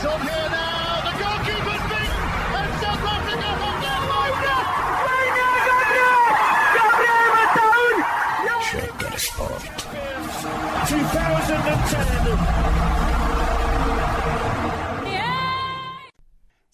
He's over here now.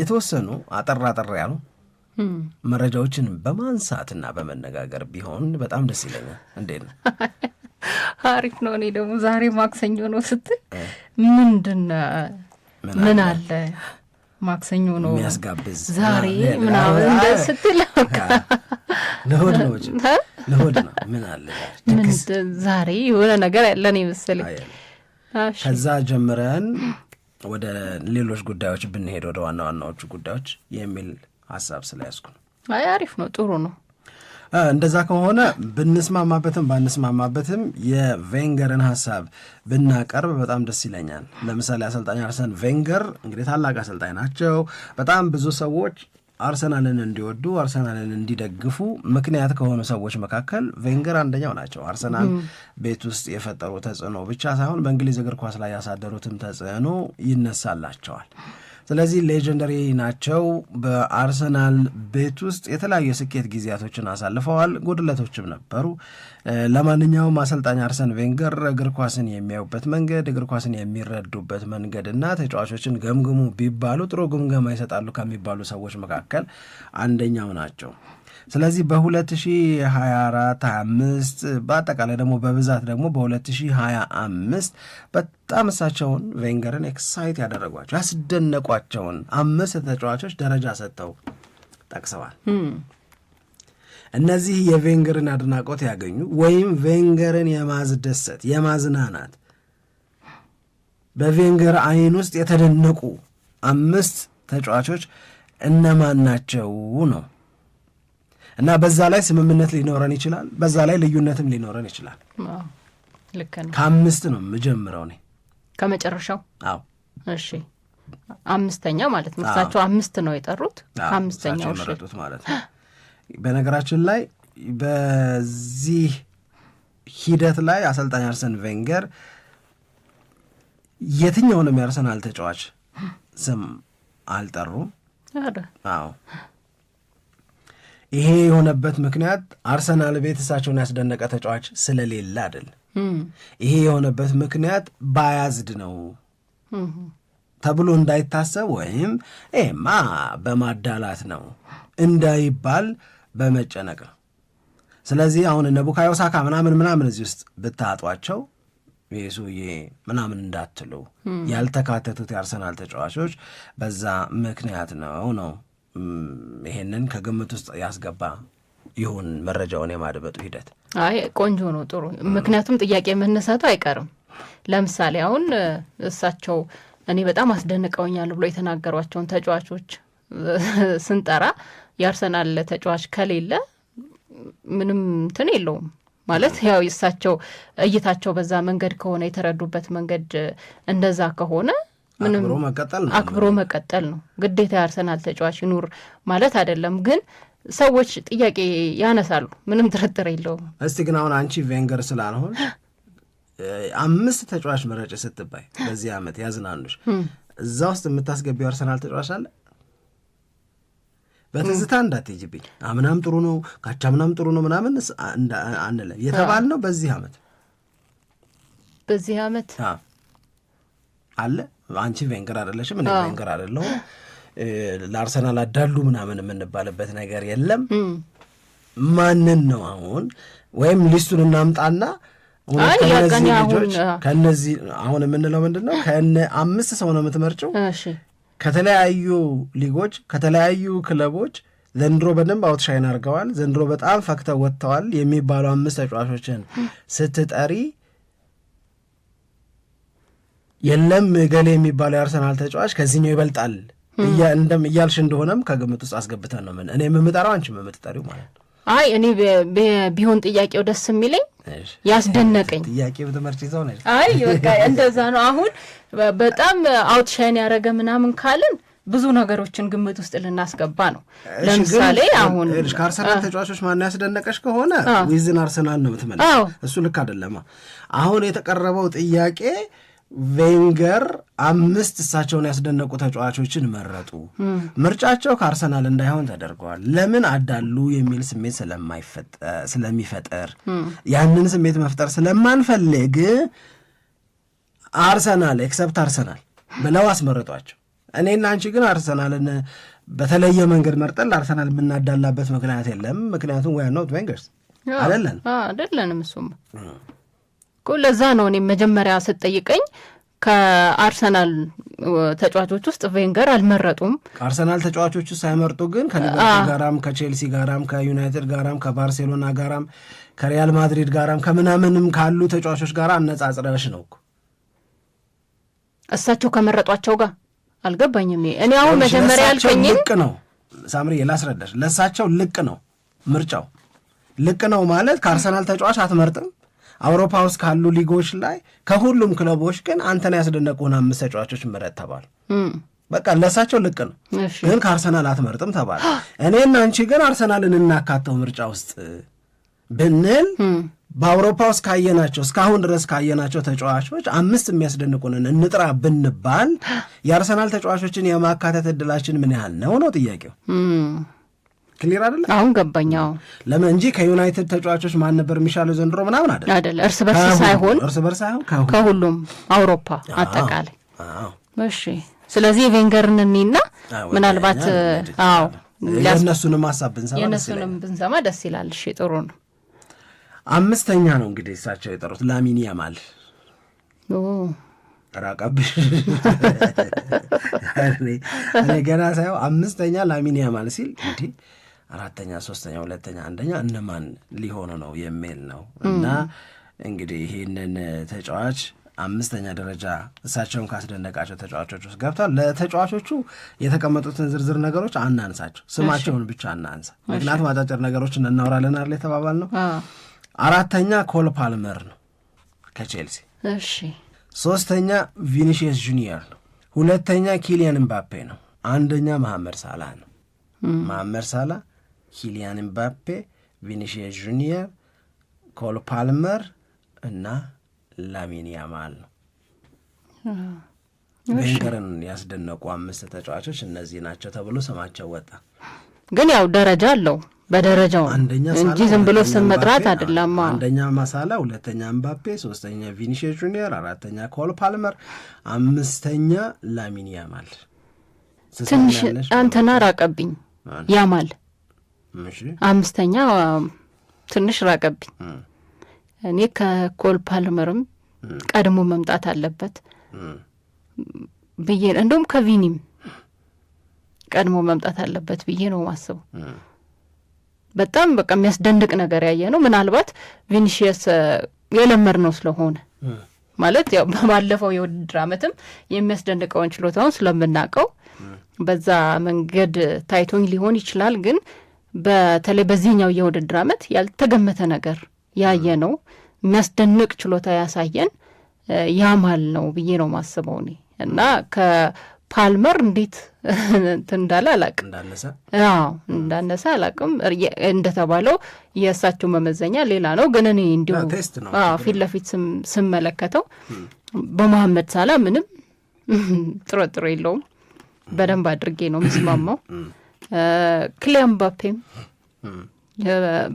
የተወሰኑ አጠር አጠር ያሉ መረጃዎችን በማንሳትና በመነጋገር ቢሆን በጣም ደስ ይለኛል። እንዴት ነው? አሪፍ ነው። እኔ ደግሞ ዛሬ ማክሰኞ ነው ስትል ምንድን ምን አለ ማክሰኞ ነው የሚያስጋብዝ ዛሬ ምናምን እንደ ስትል ለሆድ ነው ለሆድ ነው ምን አለ ዛሬ የሆነ ነገር ያለን ይመስል ከዛ ጀምረን ወደ ሌሎች ጉዳዮች ብንሄድ ወደ ዋና ዋናዎቹ ጉዳዮች የሚል ሀሳብ ስለያዝኩ ነው። አይ አሪፍ ነው፣ ጥሩ ነው። እንደዛ ከሆነ ብንስማማበትም ባንስማማበትም የቬንገርን ሀሳብ ብናቀርብ በጣም ደስ ይለኛል። ለምሳሌ አሰልጣኝ አርሰን ቬንገር እንግዲህ ታላቅ አሰልጣኝ ናቸው። በጣም ብዙ ሰዎች አርሰናልን እንዲወዱ አርሰናልን እንዲደግፉ ምክንያት ከሆኑ ሰዎች መካከል ቬንገር አንደኛው ናቸው። አርሰናል ቤት ውስጥ የፈጠሩ ተጽዕኖ ብቻ ሳይሆን በእንግሊዝ እግር ኳስ ላይ ያሳደሩትም ተጽዕኖ ይነሳላቸዋል። ስለዚህ ሌጀንደሪ ናቸው። በአርሰናል ቤት ውስጥ የተለያዩ የስኬት ጊዜያቶችን አሳልፈዋል፣ ጉድለቶችም ነበሩ። ለማንኛውም አሰልጣኝ አርሰን ቬንገር እግር ኳስን የሚያዩበት መንገድ፣ እግር ኳስን የሚረዱበት መንገድ እና ተጫዋቾችን ገምግሙ ቢባሉ ጥሩ ግምገማ ይሰጣሉ ከሚባሉ ሰዎች መካከል አንደኛው ናቸው። ስለዚህ በ2024 25 በአጠቃላይ ደግሞ በብዛት ደግሞ በ2025 በጣም እሳቸውን ቬንገርን ኤክሳይት ያደረጓቸው ያስደነቋቸውን አምስት ተጫዋቾች ደረጃ ሰጥተው ጠቅሰዋል። hmm. እነዚህ የቬንገርን አድናቆት ያገኙ ወይም ቬንገርን የማዝደሰት የማዝናናት በቬንገር አይን ውስጥ የተደነቁ አምስት ተጫዋቾች እነማን ናቸው ነው እና በዛ ላይ ስምምነት ሊኖረን ይችላል፣ በዛ ላይ ልዩነትም ሊኖረን ይችላል። ከአምስት ነው የምጀምረው እኔ ከመጨረሻው እሺ አምስተኛ ማለት ነው። እሳቸው አምስት ነው የጠሩት፣ አምስተኛው መረጡት ማለት ነው። በነገራችን ላይ በዚህ ሂደት ላይ አሰልጣኝ አርሰን ቬንገር የትኛውንም የአርሰናል ተጫዋች ስም አልጠሩም። አዎ ይሄ የሆነበት ምክንያት አርሰናል ቤት እሳቸውን ያስደነቀ ተጫዋች ስለሌለ አይደል ይሄ የሆነበት ምክንያት ባያዝድ ነው ተብሎ እንዳይታሰብ ወይም ማ በማዳላት ነው እንዳይባል በመጨነቅ ነው። ስለዚህ አሁን እነ ቡካዮ ሳካ ምናምን ምናምን እዚህ ውስጥ ብታጧቸው ሱ ምናምን እንዳትሉ ያልተካተቱት የአርሰናል ተጫዋቾች በዛ ምክንያት ነው ነው ይሄንን ከግምት ውስጥ ያስገባ ይሁን መረጃውን የማድመጡ ሂደት? አይ ቆንጆ ነው፣ ጥሩ። ምክንያቱም ጥያቄ መነሳቱ አይቀርም። ለምሳሌ አሁን እሳቸው እኔ በጣም አስደንቀውኛል ብሎ የተናገሯቸውን ተጫዋቾች ስንጠራ የአርሰናል ተጫዋች ከሌለ ምንም እንትን የለውም ማለት ያው እሳቸው እይታቸው በዛ መንገድ ከሆነ የተረዱበት መንገድ እንደዛ ከሆነ ምንም አክብሮ መቀጠል ነው ግዴታ የአርሰናል ተጫዋች ይኑር ማለት አይደለም ግን ሰዎች ጥያቄ ያነሳሉ። ምንም ጥርጥር የለውም። እስቲ ግን አሁን አንቺ ቬንገር ስላልሆን አምስት ተጫዋች መረጭ ስትባይ በዚህ ዓመት ያዝናኑሽ እዛ ውስጥ የምታስገቢው አርሰናል ተጫዋች አለ። በትዝታ እንዳትይጅብኝ አምናም ጥሩ ነው ካቻ ምናም ጥሩ ነው ምናምን አንለም ነው። በዚህ ዓመት በዚህ ዓመት አለ። አንቺ ቬንገር አደለሽም፣ እኔ ቬንገር አይደለሁም። ለአርሰናል አዳሉ ምናምን የምንባልበት ነገር የለም። ማንን ነው አሁን ወይም ሊስቱን እናምጣና ከነዚህ አሁን የምንለው ምንድን ነው? ከነ አምስት ሰው ነው የምትመርጭው ከተለያዩ ሊጎች ከተለያዩ ክለቦች ዘንድሮ በደንብ አውትሻይን አድርገዋል፣ ዘንድሮ በጣም ፈክተው ወጥተዋል የሚባሉ አምስት ተጫዋቾችን ስትጠሪ የለም እገሌ የሚባለው የአርሰናል ተጫዋች ከዚህኛው ይበልጣል እንደም እያልሽ እንደሆነም ከግምት ውስጥ አስገብተን ነው ምን እኔ የምምጠራው አንቺ የምምትጠሪው ማለት ነው። አይ እኔ ቢሆን ጥያቄው ደስ የሚለኝ ያስደነቀኝ ጥያቄ ብትመርጭ ይዘው ነች። አይ በቃ እንደዛ ነው። አሁን በጣም አውትሻይን ያደረገ ምናምን ካልን ብዙ ነገሮችን ግምት ውስጥ ልናስገባ ነው። ለምሳሌ አሁን ከአርሰናል ተጫዋቾች ማን ያስደነቀሽ ከሆነ ዊዝን አርሰናል ነው ምትመለ እሱ ልክ አይደለማ። አሁን የተቀረበው ጥያቄ ቬንገር አምስት እሳቸውን ያስደነቁ ተጫዋቾችን መረጡ። ምርጫቸው ከአርሰናል እንዳይሆን ተደርገዋል። ለምን አዳሉ የሚል ስሜት ስለሚፈጠር ያንን ስሜት መፍጠር ስለማንፈልግ አርሰናል ኤክሰፕት አርሰናል ብለው አስመረጧቸው። እኔና አንቺ ግን አርሰናልን በተለየ መንገድ መርጠን ለአርሰናል የምናዳላበት ምክንያት የለም። ምክንያቱም ወያናውት ቬንገርስ አደለን አደለንም እሱም ለዛ ነው እኔ መጀመሪያ ስጠይቀኝ ከአርሰናል ተጫዋቾች ውስጥ ቬንገር አልመረጡም። ከአርሰናል ተጫዋቾች ውስጥ ሳይመርጡ ግን ከሊቨርፑል ጋራም ከቼልሲ ጋራም ከዩናይትድ ጋራም ከባርሴሎና ጋራም ከሪያል ማድሪድ ጋራም ከምናምንም ካሉ ተጫዋቾች ጋር አነጻጽረሽ ነው እሳቸው ከመረጧቸው ጋር አልገባኝም። እኔ አሁን መጀመሪያ ያልከኝ ልቅ ነው ሳምሪ ላስረዳሽ። ለእሳቸው ልቅ ነው ምርጫው ልቅ ነው ማለት ከአርሰናል ተጫዋች አትመርጥም አውሮፓ ውስጥ ካሉ ሊጎች ላይ ከሁሉም ክለቦች ግን አንተን ያስደነቁን አምስት ተጫዋቾች ምረጥ ተባሉ። በቃ ለሳቸው ልቅ ነው ግን ከአርሰናል አትመርጥም ተባለ። እኔና አንቺ ግን አርሰናልን እናካተው ምርጫ ውስጥ ብንል በአውሮፓ ውስጥ ካየናቸው እስካሁን ድረስ ካየናቸው ተጫዋቾች አምስት የሚያስደንቁንን እንጥራ ብንባል የአርሰናል ተጫዋቾችን የማካተት እድላችን ምን ያህል ነው ነው ጥያቄው። ክሊር አደለ? አሁን ገባኛው ለምን እንጂ ከዩናይትድ ተጫዋቾች ማን ነበር የሚሻለው ዘንድሮ ምናምን አደለ አደለ። እርስ በርስ ሳይሆን እርስ በርስ ሳይሆን ከሁሉም አውሮፓ አጠቃላይ። እሺ፣ ስለዚህ ቬንገርን እኒና ምናልባት አዎ የእነሱንም ሀሳብ ብንሰማ የእነሱንም ብንሰማ ደስ ይላል። እሺ፣ ጥሩ ነው። አምስተኛ ነው እንግዲህ እሳቸው የጠሩት ላሚን ያማል ራቀብሽ ገና ሳየው አምስተኛ ላሚን ያማል ሲል እንዲህ አራተኛ፣ ሶስተኛ፣ ሁለተኛ፣ አንደኛ እነማን ሊሆኑ ነው የሚል ነው እና እንግዲህ ይህንን ተጫዋች አምስተኛ ደረጃ እሳቸውን ካስደነቃቸው ተጫዋቾች ውስጥ ገብቷል። ለተጫዋቾቹ የተቀመጡትን ዝርዝር ነገሮች አናንሳቸው፣ ስማቸውን ብቻ አናንሳ። ምክንያቱም አጫጭር ነገሮችን እናውራለን አለ የተባባል ነው። አራተኛ ኮል ፓልመር ነው ከቼልሲ እሺ። ሶስተኛ ቪኒሺየስ ጁኒየር ነው። ሁለተኛ ኪሊያን ምባፔ ነው። አንደኛ መሐመድ ሳላ ነው። መሐመድ ሳላ ኪሊያን ምባፔ፣ ቪኒሺየስ ጁኒየር፣ ኮል ፓልመር እና ላሚን ያማል ነው። ቬንገርን ያስደነቁ አምስት ተጫዋቾች እነዚህ ናቸው ተብሎ ስማቸው ወጣ። ግን ያው ደረጃ አለው በደረጃው እንጂ ዝም ብሎ ስም መጥራት አይደለም። አንደኛ ማሳላ፣ ሁለተኛ ምባፔ፣ ሶስተኛ ቪኒሽ ጁኒየር፣ አራተኛ ኮል ፓልመር፣ አምስተኛ ላሚን ያማል። ትንሽ አንተና ራቀብኝ ያማል አምስተኛ ትንሽ ራቀብኝ። እኔ ከኮል ፓልመርም ቀድሞ መምጣት አለበት ብዬ እንደውም ከቪኒም ቀድሞ መምጣት አለበት ብዬ ነው ማስቡ። በጣም በቃ የሚያስደንቅ ነገር ያየ ነው። ምናልባት ቪኒሽየስ የለመድ ነው ስለሆነ ማለት ያው ባለፈው የውድድር አመትም የሚያስደንቀውን ችሎታውን ስለምናውቀው በዛ መንገድ ታይቶኝ ሊሆን ይችላል ግን በተለይ በዚህኛው የውድድር ዓመት ያልተገመተ ነገር ያየ ነው የሚያስደንቅ ችሎታ ያሳየን ያማል ነው ብዬ ነው ማስበው እኔ እና ከፓልመር እንዴት እንትን እንዳለ አላቅም። እንዳነሰ አላቅም። እንደተባለው የእሳቸው መመዘኛ ሌላ ነው፣ ግን እኔ እንዲሁ ፊት ለፊት ስመለከተው በመሐመድ ሳላ ምንም ጥርጥር የለውም። በደንብ አድርጌ ነው ምስማማው። ክሊያን ምባፔም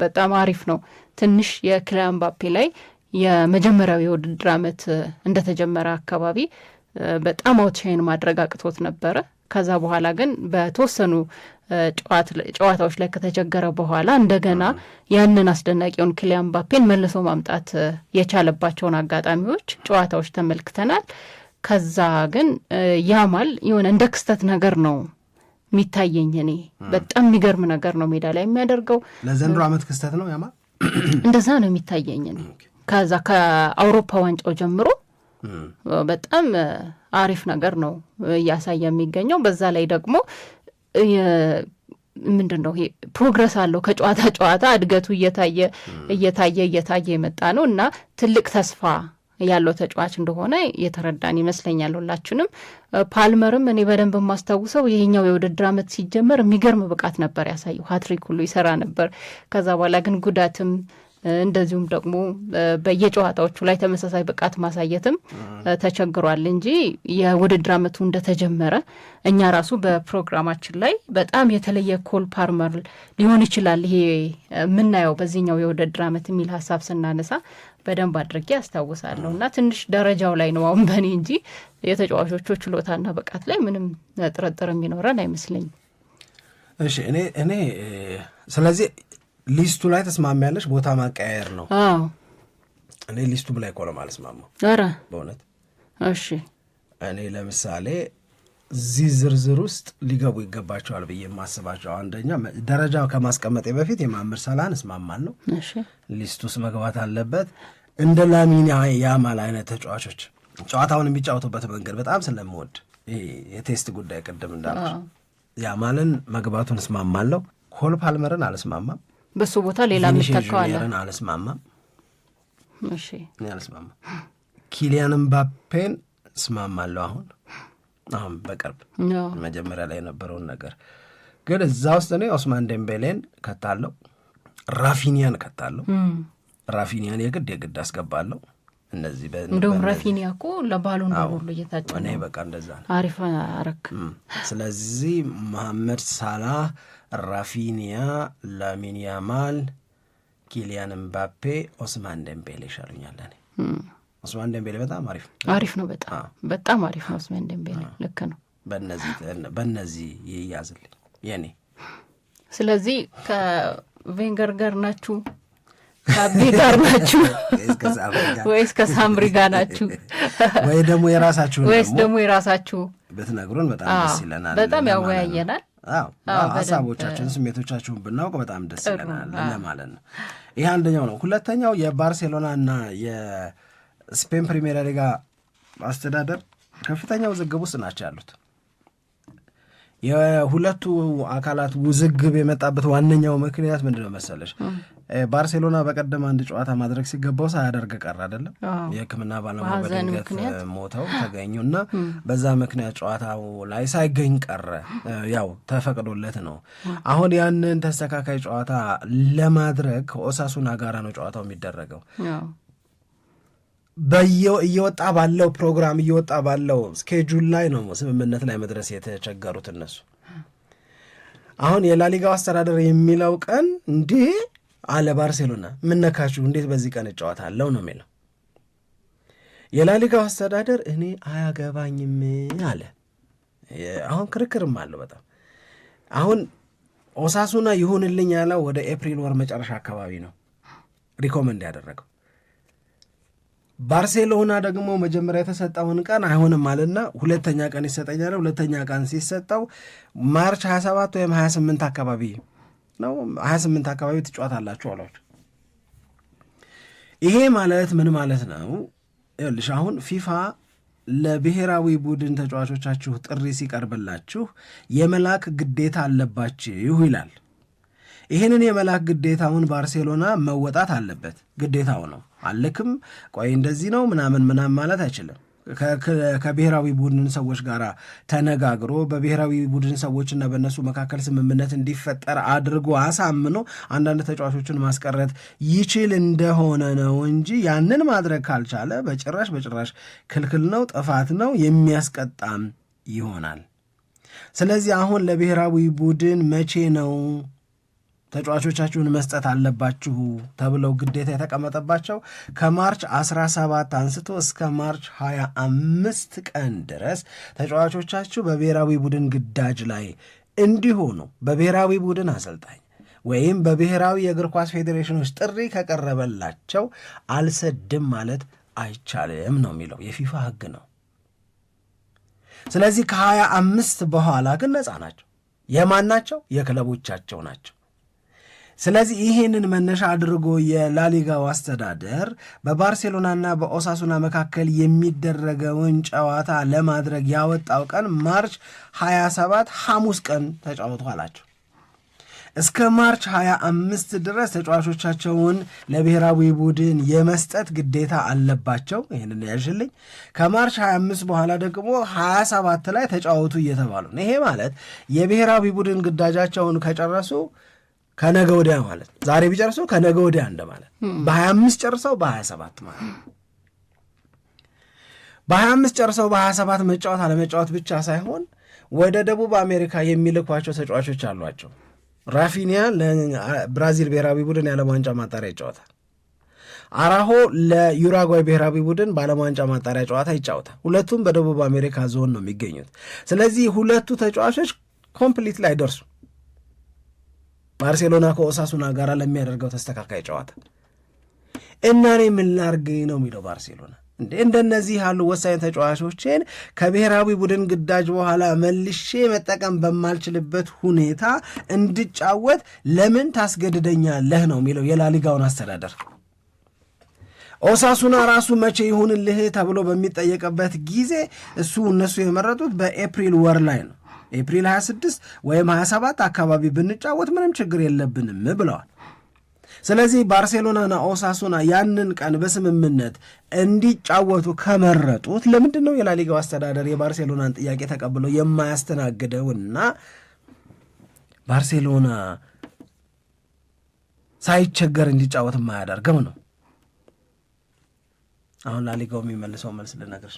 በጣም አሪፍ ነው። ትንሽ የክሊያን ላይ የመጀመሪያው የውድድር አመት እንደተጀመረ አካባቢ በጣም አውትሻይን ማድረግ አቅቶት ነበረ። ከዛ በኋላ ግን በተወሰኑ ጨዋታዎች ላይ ከተቸገረ በኋላ እንደገና ያንን አስደናቂውን ክሊያን መልሶ ማምጣት የቻለባቸውን አጋጣሚዎች፣ ጨዋታዎች ተመልክተናል። ከዛ ግን ያማል የሆነ እንደ ክስተት ነገር ነው የሚታየኝ እኔ በጣም የሚገርም ነገር ነው ሜዳ ላይ የሚያደርገው። ለዘንድሮ ዓመት ክስተት ነው ያማ እንደዛ ነው የሚታየኝ እኔ ከዛ ከአውሮፓ ዋንጫው ጀምሮ በጣም አሪፍ ነገር ነው እያሳየ የሚገኘው። በዛ ላይ ደግሞ ምንድን ነው ፕሮግረስ አለው ከጨዋታ ጨዋታ እድገቱ እየታየ እየታየ እየታየ የመጣ ነው እና ትልቅ ተስፋ ያለው ተጫዋች እንደሆነ የተረዳን ይመስለኛል ሁላችንም። ፓልመርም እኔ በደንብ የማስታውሰው ይሄኛው የውድድር ዓመት ሲጀመር የሚገርም ብቃት ነበር ያሳየው፣ ሀትሪክ ሁሉ ይሰራ ነበር። ከዛ በኋላ ግን ጉዳትም እንደዚሁም ደግሞ በየጨዋታዎቹ ላይ ተመሳሳይ ብቃት ማሳየትም ተቸግሯል እንጂ የውድድር ዓመቱ እንደተጀመረ እኛ ራሱ በፕሮግራማችን ላይ በጣም የተለየ ኮል ፓርመር ሊሆን ይችላል ይሄ የምናየው በዚህኛው የውድድር ዓመት የሚል ሀሳብ ስናነሳ በደንብ አድርጌ አስታውሳለሁ። እና ትንሽ ደረጃው ላይ ነው አሁን በእኔ እንጂ የተጫዋቾቹ ችሎታና ብቃት ላይ ምንም ጥርጥር የሚኖረን አይመስለኝም። እሺ እኔ እኔ ስለዚህ ሊስቱ ላይ ያለሽ ቦታ ማቀያየር ነው። እኔ ሊስቱም ላይ እኮ ነው የማልስማማው። ኧረ በእውነት እሺ። እኔ ለምሳሌ እዚህ ዝርዝር ውስጥ ሊገቡ ይገባቸዋል ብዬ የማስባቸው አንደኛ ደረጃ ከማስቀመጤ በፊት የማምር ሰላን እስማማን ነው ሊስት ውስጥ መግባት አለበት። እንደ ላሚን ያማል አይነት ተጫዋቾች ጨዋታውን የሚጫወቱበት መንገድ በጣም ስለምወድ የቴስት ጉዳይ ቅድም እንዳልኩ ያማልን መግባቱን እስማማለሁ። ኮል ፓልመርን አልስማማም። በሱ ቦታ ሌላ የምተካዋለን። አልስማማም፣ ኪሊያን ምባፔን እስማማለሁ። አሁን አሁን በቅርብ መጀመሪያ ላይ የነበረውን ነገር ግን እዛ ውስጥ እኔ ኦስማን ደምቤሌን ከታለው፣ ራፊኒያን ከታለው፣ ራፊኒያን የግድ የግድ አስገባለሁ። እነዚህ እንደውም ረፊኒያ እኮ ለባሎን ዶር እየታጨ እኔ በቃ እንደዛ ነው። አሪፍ አረክ። ስለዚህ መሐመድ ሳላህ፣ ራፊኒያ፣ ላሚን ያማል፣ ኪሊያን ምባፔ፣ ኦስማን ደምቤሌ ይሻሉኛል። ኦስማን ደምቤሌ በጣም አሪፍ አሪፍ ነው። በጣም በጣም አሪፍ ነው። ኦስማን ደምቤሌ ልክ ነው። በእነዚህ ይያዝልኝ የኔ። ስለዚህ ከቬንገር ጋር ናችሁ ከአቤ ጋር ናችሁ ወይስ ከሳምሪ ጋር ናችሁ? ወይ ደግሞ የራሳችሁ ወይስ ደግሞ የራሳችሁ ብትነግሩን በጣም ደስ ይለናል። በጣም ያወያየናል። ሀሳቦቻችሁን፣ ስሜቶቻችሁን ብናውቅ በጣም ደስ ይለናል ለማለት ነው። ይህ አንደኛው ነው። ሁለተኛው የባርሴሎና እና የስፔን ፕሪሜራ ሊጋ አስተዳደር ከፍተኛ ውዝግብ ውስጥ ናቸው ያሉት። የሁለቱ አካላት ውዝግብ የመጣበት ዋነኛው ምክንያት ምንድን ነው መሰለሽ? ባርሴሎና በቀደም አንድ ጨዋታ ማድረግ ሲገባው ሳያደርግ ቀር አይደለም። የሕክምና ባለሙያ በድንገት ሞተው ተገኙ እና በዛ ምክንያት ጨዋታው ላይ ሳይገኝ ቀረ። ያው ተፈቅዶለት ነው። አሁን ያንን ተስተካካይ ጨዋታ ለማድረግ ከኦሳሱና ጋራ ነው ጨዋታው የሚደረገው። እየወጣ ባለው ፕሮግራም እየወጣ ባለው ስኬጁል ላይ ነው ስምምነት ላይ መድረስ የተቸገሩት እነሱ። አሁን የላሊጋው አስተዳደር የሚለው ቀን እንዲህ አለ ባርሴሎና ምነካችሁ እንዴት በዚህ ቀን ጨዋታ አለው ነው የሚለው የላሊጋው አስተዳደር እኔ አያገባኝም አለ። አሁን ክርክርም አለው በጣም አሁን ኦሳሱና ይሁንልኝ ያለው ወደ ኤፕሪል ወር መጨረሻ አካባቢ ነው ሪኮመንድ ያደረገው። ባርሴሎና ደግሞ መጀመሪያ የተሰጠውን ቀን አይሆንም አለና ሁለተኛ ቀን ይሰጠኛል። ሁለተኛ ቀን ሲሰጠው ማርች 27 ወይም 28 አካባቢ ነው ሀያ ስምንት አካባቢ ትጫዋት አላችሁ አሏቸው። ይሄ ማለት ምን ማለት ነው? ይኸውልሽ አሁን ፊፋ ለብሔራዊ ቡድን ተጫዋቾቻችሁ ጥሪ ሲቀርብላችሁ የመላክ ግዴታ አለባችሁ ይላል። ይህንን የመላክ ግዴታውን ባርሴሎና መወጣት አለበት። ግዴታው ነው። አልክም ቆይ እንደዚህ ነው ምናምን ምናምን ማለት አይችልም። ከብሔራዊ ቡድን ሰዎች ጋር ተነጋግሮ በብሔራዊ ቡድን ሰዎችና በእነሱ መካከል ስምምነት እንዲፈጠር አድርጎ አሳምኖ አንዳንድ ተጫዋቾችን ማስቀረት ይችል እንደሆነ ነው እንጂ ያንን ማድረግ ካልቻለ በጭራሽ በጭራሽ ክልክል ነው፣ ጥፋት ነው፣ የሚያስቀጣም ይሆናል። ስለዚህ አሁን ለብሔራዊ ቡድን መቼ ነው ተጫዋቾቻችሁን መስጠት አለባችሁ ተብለው ግዴታ የተቀመጠባቸው ከማርች 17 አንስቶ እስከ ማርች 25 ቀን ድረስ ተጫዋቾቻችሁ በብሔራዊ ቡድን ግዳጅ ላይ እንዲሆኑ በብሔራዊ ቡድን አሰልጣኝ ወይም በብሔራዊ የእግር ኳስ ፌዴሬሽኖች ጥሪ ከቀረበላቸው አልሰድም ማለት አይቻልም ነው የሚለው የፊፋ ሕግ ነው። ስለዚህ ከ25 በኋላ ግን ነፃ ናቸው። የማን ናቸው? የክለቦቻቸው ናቸው። ስለዚህ ይህንን መነሻ አድርጎ የላሊጋው አስተዳደር በባርሴሎናና በኦሳሱና መካከል የሚደረገውን ጨዋታ ለማድረግ ያወጣው ቀን ማርች 27 ሐሙስ ቀን ተጫወቱ አላቸው። እስከ ማርች 25 ድረስ ተጫዋቾቻቸውን ለብሔራዊ ቡድን የመስጠት ግዴታ አለባቸው። ይህንን ያሽልኝ። ከማርች 25 በኋላ ደግሞ 27 ላይ ተጫወቱ እየተባሉ ነው። ይሄ ማለት የብሔራዊ ቡድን ግዳጃቸውን ከጨረሱ ከነገ ወዲያ ማለት ነው። ዛሬ ቢጨርሰው ከነገ ወዲያ እንደማለት በ25 ጨርሰው በ27 ማለት ነው። በ25 ጨርሰው በ27 መጫወት አለመጫወት ብቻ ሳይሆን ወደ ደቡብ አሜሪካ የሚልኳቸው ተጫዋቾች አሏቸው። ራፊኒያ ለብራዚል ብሔራዊ ቡድን የዓለም ዋንጫ ማጣሪያ ይጫወታል። አራሆ ለዩራጓይ ብሔራዊ ቡድን በዓለም ዋንጫ ማጣሪያ ጨዋታ ይጫወታል። ሁለቱም በደቡብ አሜሪካ ዞን ነው የሚገኙት። ስለዚህ ሁለቱ ተጫዋቾች ኮምፕሊት ላይ ደርሱ ባርሴሎና ከኦሳሱና ጋር ለሚያደርገው ተስተካካይ ጨዋታ እና እኔ ምን ላርግ ነው የሚለው ባርሴሎና። እንደነዚህ ያሉ ወሳኝ ተጫዋቾችን ከብሔራዊ ቡድን ግዳጅ በኋላ መልሼ መጠቀም በማልችልበት ሁኔታ እንድጫወት ለምን ታስገድደኛለህ ነው የሚለው የላሊጋውን አስተዳደር። ኦሳሱና ራሱ መቼ ይሁንልህ ተብሎ በሚጠየቅበት ጊዜ እሱ እነሱ የመረጡት በኤፕሪል ወር ላይ ነው። ኤፕሪል 26 ወይም 27 አካባቢ ብንጫወት ምንም ችግር የለብንም ብለዋል። ስለዚህ ባርሴሎናና ኦሳሱና ያንን ቀን በስምምነት እንዲጫወቱ ከመረጡት ለምንድን ነው የላሊጋው አስተዳደር የባርሴሎናን ጥያቄ ተቀብሎ የማያስተናግደውና ባርሴሎና ሳይቸገር እንዲጫወት የማያደርገው ነው? አሁን ላሊጋው የሚመልሰው መልስ ልነግርሽ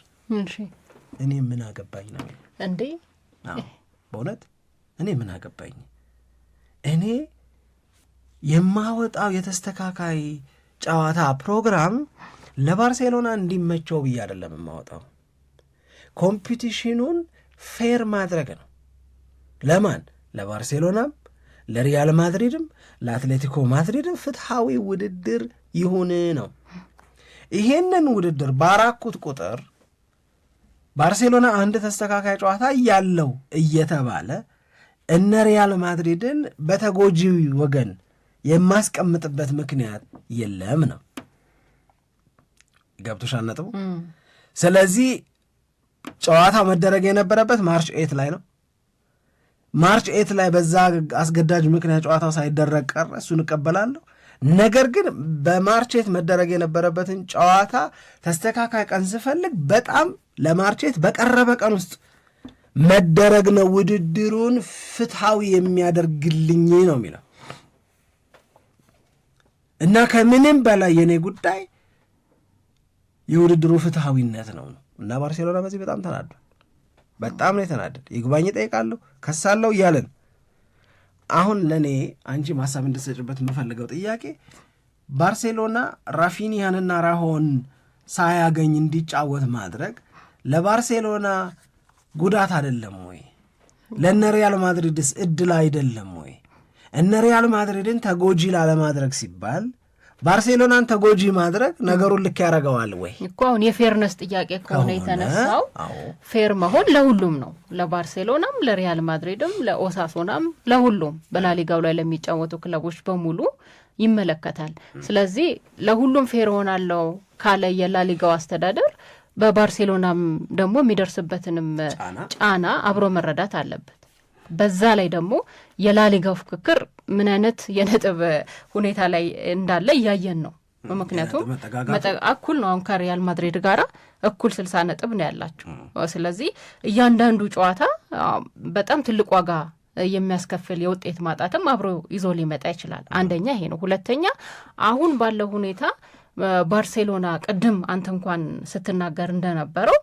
እኔ ምን አገባኝ ነው እንዴ? በእውነት እኔ ምን አገባኝ? እኔ የማወጣው የተስተካካይ ጨዋታ ፕሮግራም ለባርሴሎና እንዲመቸው ብዬ አይደለም የማወጣው። ኮምፒቲሽኑን ፌር ማድረግ ነው። ለማን? ለባርሴሎናም፣ ለሪያል ማድሪድም፣ ለአትሌቲኮ ማድሪድም ፍትሐዊ ውድድር ይሁን ነው። ይሄንን ውድድር ባራኩት ቁጥር ባርሴሎና አንድ ተስተካካይ ጨዋታ ያለው እየተባለ እነ ሪያል ማድሪድን በተጎጂ ወገን የማስቀምጥበት ምክንያት የለም ነው። ገብቶሻል ነጥቡ። ስለዚህ ጨዋታው መደረግ የነበረበት ማርች ኤት ላይ ነው። ማርች ኤት ላይ በዛ አስገዳጅ ምክንያት ጨዋታው ሳይደረግ ቀረ። እሱን እቀበላለሁ። ነገር ግን በማርቼት መደረግ የነበረበትን ጨዋታ ተስተካካይ ቀን ስፈልግ በጣም ለማርቼት በቀረበ ቀን ውስጥ መደረግ ነው ውድድሩን ፍትሐዊ የሚያደርግልኝ ነው የሚለው እና ከምንም በላይ የእኔ ጉዳይ የውድድሩ ፍትሐዊነት ነው ነው እና ባርሴሎና በዚህ በጣም ተናዷል። በጣም ነው የተናደድ። ይግባኝ ጠይቃለሁ፣ ከሳለሁ እያለን አሁን ለእኔ አንቺ ማሳብ እንድትሰጭበት የምፈልገው ጥያቄ ባርሴሎና ራፊኒያንና ራሆን ሳያገኝ እንዲጫወት ማድረግ ለባርሴሎና ጉዳት አይደለም ወይ? ለእነ ሪያል ማድሪድስ እድል አይደለም ወይ? እነ ሪያል ማድሪድን ተጎጂ ላለማድረግ ሲባል ባርሴሎናን ተጎጂ ማድረግ ነገሩን ልክ ያደርገዋል ወይ እኮ አሁን የፌርነስ ጥያቄ ከሆነ የተነሳው ፌር መሆን ለሁሉም ነው፣ ለባርሴሎናም፣ ለሪያል ማድሪድም፣ ለኦሳሶናም፣ ለሁሉም በላሊጋው ላይ ለሚጫወቱ ክለቦች በሙሉ ይመለከታል። ስለዚህ ለሁሉም ፌር ሆናለው ካለ የላሊጋው አስተዳደር በባርሴሎናም ደግሞ የሚደርስበትንም ጫና አብሮ መረዳት አለበት። በዛ ላይ ደግሞ የላሊጋው ፉክክር ምን አይነት የነጥብ ሁኔታ ላይ እንዳለ እያየን ነው። ምክንያቱም እኩል ነው። አሁን ከሪያል ማድሪድ ጋራ እኩል ስልሳ ነጥብ ነው ያላቸው። ስለዚህ እያንዳንዱ ጨዋታ በጣም ትልቅ ዋጋ የሚያስከፍል የውጤት ማጣትም አብሮ ይዞ ሊመጣ ይችላል። አንደኛ ይሄ ነው። ሁለተኛ አሁን ባለው ሁኔታ ባርሴሎና ቅድም አንተ እንኳን ስትናገር እንደነበረው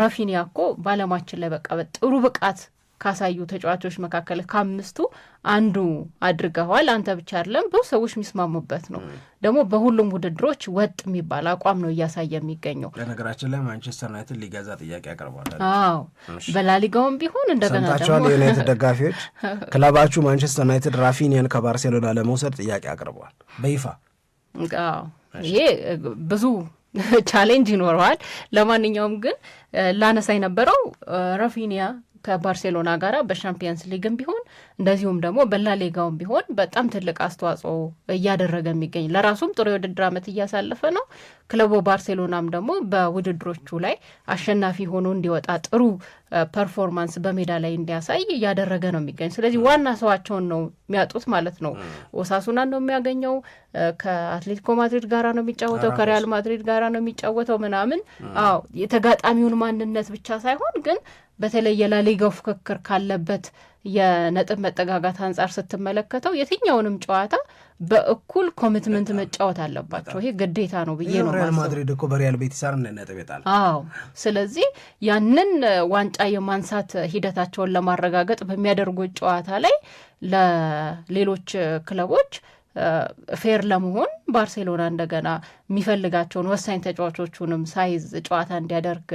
ራፊኒያ እኮ በዓለማችን ላይ በቃ ጥሩ ብቃት ካሳዩ ተጫዋቾች መካከል ከአምስቱ አንዱ አድርገዋል። አንተ ብቻ አይደለም ብዙ ሰዎች የሚስማሙበት ነው። ደግሞ በሁሉም ውድድሮች ወጥ የሚባል አቋም ነው እያሳየ የሚገኘው። በነገራችን ላይ ማንቸስተር ዩናይትድ ሊገዛ ጥያቄ ያቀርባል። አዎ በላሊጋውም ቢሆን እንደገናቸዋል። የዩናይትድ ደጋፊዎች ክለባችሁ ማንቸስተር ዩናይትድ ራፊኒያን ከባርሴሎና ለመውሰድ ጥያቄ አቅርበዋል በይፋ። ይሄ ብዙ ቻሌንጅ ይኖረዋል። ለማንኛውም ግን ላነሳ የነበረው ራፊኒያ ከባርሴሎና ጋር በሻምፒየንስ ሊግም ቢሆን እንደዚሁም ደግሞ በላሊጋውም ቢሆን በጣም ትልቅ አስተዋጽኦ እያደረገ የሚገኝ ለራሱም ጥሩ የውድድር ዓመት እያሳለፈ ነው። ክለቡ ባርሴሎናም ደግሞ በውድድሮቹ ላይ አሸናፊ ሆኖ እንዲወጣ ጥሩ ፐርፎርማንስ በሜዳ ላይ እንዲያሳይ እያደረገ ነው የሚገኝ። ስለዚህ ዋና ሰዋቸውን ነው የሚያጡት ማለት ነው። ኦሳሱናን ነው የሚያገኘው፣ ከአትሌቲኮ ማድሪድ ጋራ ነው የሚጫወተው፣ ከሪያል ማድሪድ ጋራ ነው የሚጫወተው ምናምን። አዎ የተጋጣሚውን ማንነት ብቻ ሳይሆን ግን በተለይ የላሊጋው ፉክክር ካለበት የነጥብ መጠጋጋት አንጻር ስትመለከተው የትኛውንም ጨዋታ በእኩል ኮሚትመንት መጫወት አለባቸው። ይሄ ግዴታ ነው ብዬ ነው። ሪያል ማድሪድ እኮ በሪያል ቤቲስ ነጥብ ይጣል። አዎ፣ ስለዚህ ያንን ዋንጫ የማንሳት ሂደታቸውን ለማረጋገጥ በሚያደርጉት ጨዋታ ላይ ለሌሎች ክለቦች ፌር ለመሆን ባርሴሎና እንደገና የሚፈልጋቸውን ወሳኝ ተጫዋቾቹንም ሳይዝ ጨዋታ እንዲያደርግ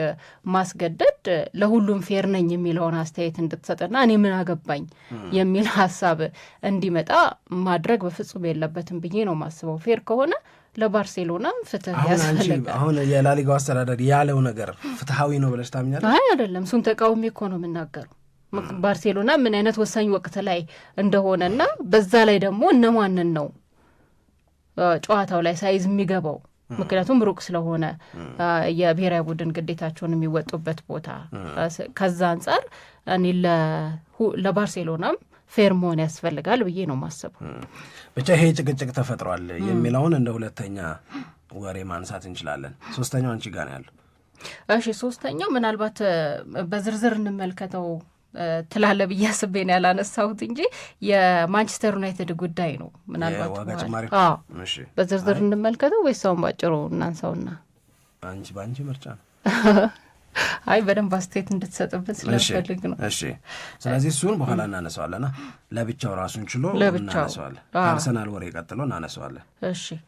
ማስገደድ ለሁሉም ፌር ነኝ የሚለውን አስተያየት እንድትሰጥና እኔ ምን አገባኝ የሚል ሀሳብ እንዲመጣ ማድረግ በፍጹም የለበትም ብዬ ነው ማስበው። ፌር ከሆነ ለባርሴሎና ፍትህ ያስፈልጋል። አሁን የላሊጋው አስተዳደር ያለው ነገር ፍትሐዊ ነው ብለሽ ታምኛለሽ? አይ አይደለም፣ እሱን ተቃውሞ እኮ ነው የምናገረው ባርሴሎና ምን አይነት ወሳኝ ወቅት ላይ እንደሆነና በዛ ላይ ደግሞ እነማንን ነው ጨዋታው ላይ ሳይዝ የሚገባው ምክንያቱም ሩቅ ስለሆነ የብሔራዊ ቡድን ግዴታቸውን የሚወጡበት ቦታ ከዛ አንጻር እኔ ለባርሴሎናም ፌር መሆን ያስፈልጋል ብዬ ነው ማሰቡ። ብቻ ይሄ ጭቅጭቅ ተፈጥሯል የሚለውን እንደ ሁለተኛ ወሬ ማንሳት እንችላለን። ሶስተኛው አንቺ ጋር ነው ያለው። እሺ ሶስተኛው ምናልባት በዝርዝር እንመልከተው ትላለ ብዬ አስቤ ነው ያላነሳሁት እንጂ የማንቸስተር ዩናይትድ ጉዳይ ነው። ምናልባት በዝርዝር እንመልከተው ወይስ ሰውን ባጭሩ እናንሳውና በአንቺ ምርጫ ነው። አይ በደንብ አስተያየት እንድትሰጥብን ስለፈልግ ነው። እሺ፣ ስለዚህ እሱን በኋላ እናነሳዋለና ለብቻው ራሱን ችሎ እናነሳዋለን። አርሰናል ወሬ ቀጥሎ እናነሳዋለን። እሺ